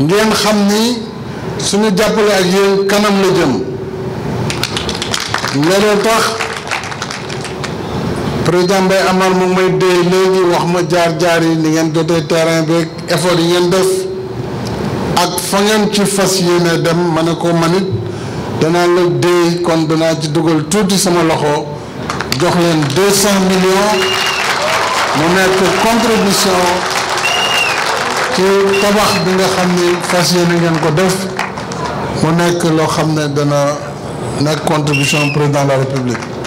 ngeen xam ni suñu jàppale ak yéen kanam la jëm loolu tax président Mbaye Amar mu may dee léegi wax ma jaar-jaar yi ni ngeen jotee terrain beeg effort yi ngeen def ak fa ngeen ci fas yéene dem ma ne ko manit dana la dee kon danaa ci dugal tuuti sama loxo jox leen deux cent millions mu nekk contribution ci tabax bi nga xam ni fas yéene ngeen ko def mu nekk loo xam ne dana nekk contribution président de la république